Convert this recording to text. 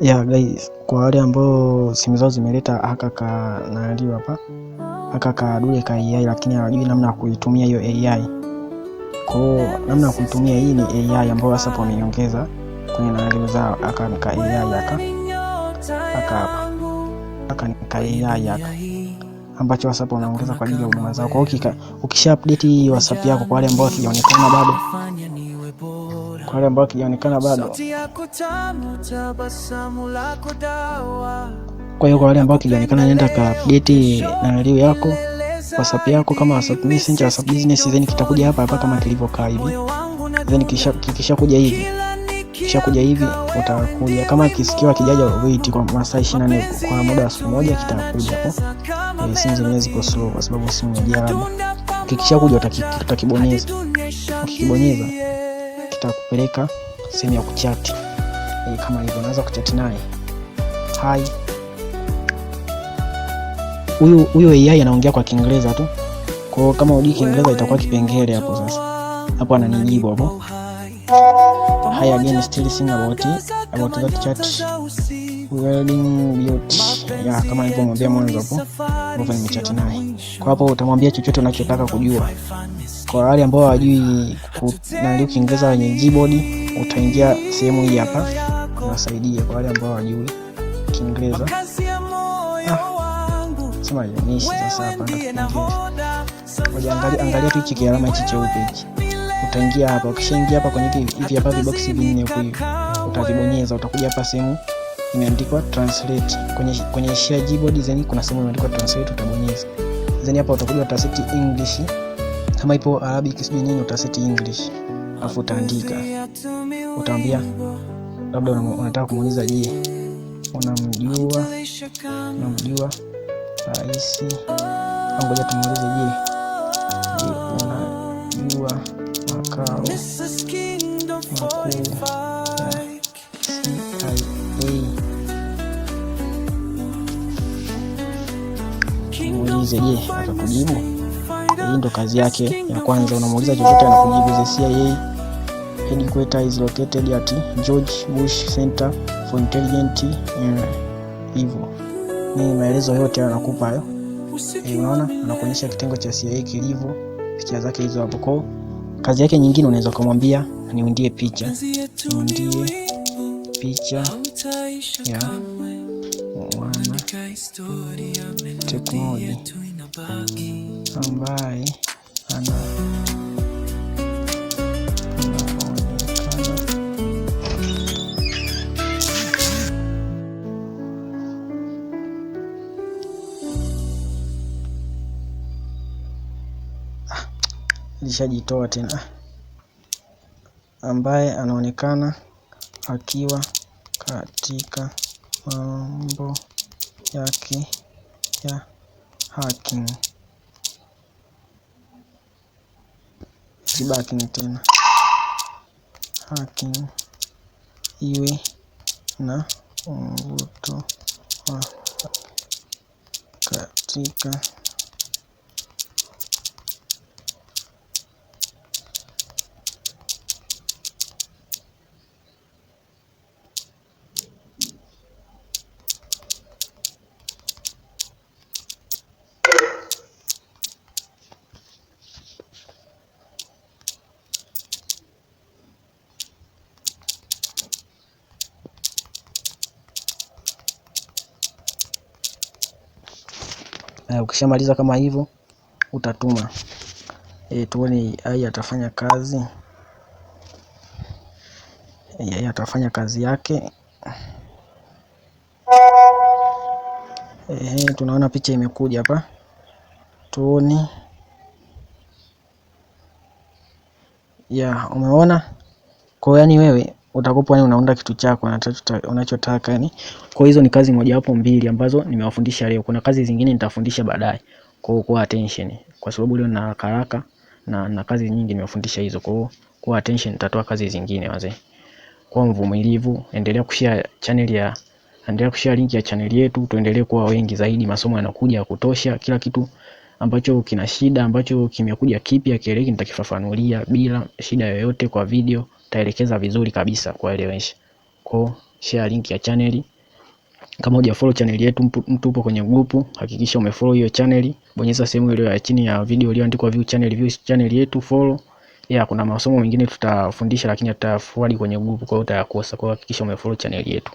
yeah guys, kwa wale ambao simu zao zimeleta akaka ka hapa akaka dule ka AI, lakini hawajui namna ya kuitumia hiyo AI. Kwa hiyo namna ya kuitumia hii ni AI ambayo sasa wameiongeza kwenye nalio zao haka AI aka aka hapa haka ka AI aka ambacho WhatsApp wanaongeza kwa ajili ya huduma zao. Kwa hiyo ukisha update hii WhatsApp yako, kwa wale ambao hawajaonekana bado kwa wale ambao akijaonekana bado. Kwa hiyo kwa wale ambao akijaonekana, nenda ka update na liu yako WhatsApp yako kama WhatsApp Messenger, WhatsApp Business, then kitakuja hapa hapa kama kilivyokaa hivi, then kisha kuja hivi kisha kuja hivi utakuja kama kisikiwa kijaja wait kwa masaa 24 kwa muda wa siku moja kitakuja hapo. Oh. Simu zenyewe ziko slow kwa sababu simu Kikisha kuja utakibonyeza, ukikibonyeza atakupeleka sehemu ya kuchati e, eh, kama hivyo unaweza kuchati naye. hai huyo huyu AI anaongea kwa Kiingereza tu, kwa kama hujui Kiingereza itakuwa kipengele hapo. Sasa hapo ananijibu hapo. hai again still sing about about that chat wedding beauty ya kama hivyo mwambia mwanzo hapo, hivyo nimechati naye. Kwa hapo utamwambia chochote unachotaka kujua. Kwa wale ambao hawajui nani Kiingereza kwenye keyboard, utaingia sehemu hii hapa, nasaidia kwa wale ambao hawajui Kiingereza. Ah, sema ni sasa hapa ngoja, angalia angalia tu chiki alama hichi cheupe hichi utaingia hapa. Ukishaingia hapa kwenye hivi hapa vibox vinne huko hivi, utavibonyeza, utakuja hapa sehemu imeandikwa translate kwenye kwenye share keyboard, then kuna sehemu imeandikwa translate, utabonyeza, then hapa utakuja translate English kama ipo Arabic sijui nini, utaseti English alafu utaandika, utaambia labda unataka kumuuliza, je, unamjua unamjua rais? Au ngoja tumuulize, je, unajua makao makuu muulize je, atakujibu. Hii ndo kazi yake ya kwanza. Unamuuliza chochote anakujibu. The CIA headquarters is located at George Bush Center for Intelligence Evil. Ni maelezo yote anakupa hayo. Eh, unaona anakuonyesha kitengo cha CIA kilivyo, picha zake hizo hapo. Kwa kazi yake nyingine unaweza kumwambia niundie picha, niundie picha ya mwana teknolojia ambaye ana alishajitoa ah, tena, ambaye anaonekana akiwa katika mambo yake ya hacking tena hacking iwe na mvuto wa katika Eh, ukishamaliza kama hivyo utatuma. Eh, tuone AI atafanya kazi. Eh, AI atafanya kazi yake. Ehe, tunaona picha imekuja hapa. Tuone. Ya, umeona? Kwa yaani wewe utakapo yani unaunda kitu chako unachotaka yani. Kwa hizo ni kazi mojawapo mbili ambazo nimewafundisha leo. Kuna kazi zingine nitafundisha baadaye. Kwa hiyo kuwa attention, kwa sababu leo na haraka na na kazi nyingi nimewafundisha hizo. Kwa hiyo kuwa attention, nitatoa kazi zingine wazee. Kwa mvumilivu, endelea kushare channel ya endelea kushare link ya channel yetu, tuendelee kuwa wengi zaidi. Masomo yanakuja ya kutosha, kila kitu ambacho kina shida ambacho kimekuja kipya kieleki, nitakifafanulia bila shida yoyote kwa video taelekeza vizuri kabisa kuelewesha. Kwa share link ya channel. Kama hujafollow channel yetu, mtu upo kwenye group, hakikisha umefollow hiyo channel. Bonyeza sehemu ile ya chini ya video iliyoandikwa view channel, view channel yetu follow. Ya, kuna masomo mengine tutafundisha lakini tutaforward kwenye group, kwa hiyo utayakosa. Kwa hiyo hakikisha umefollow channel yetu.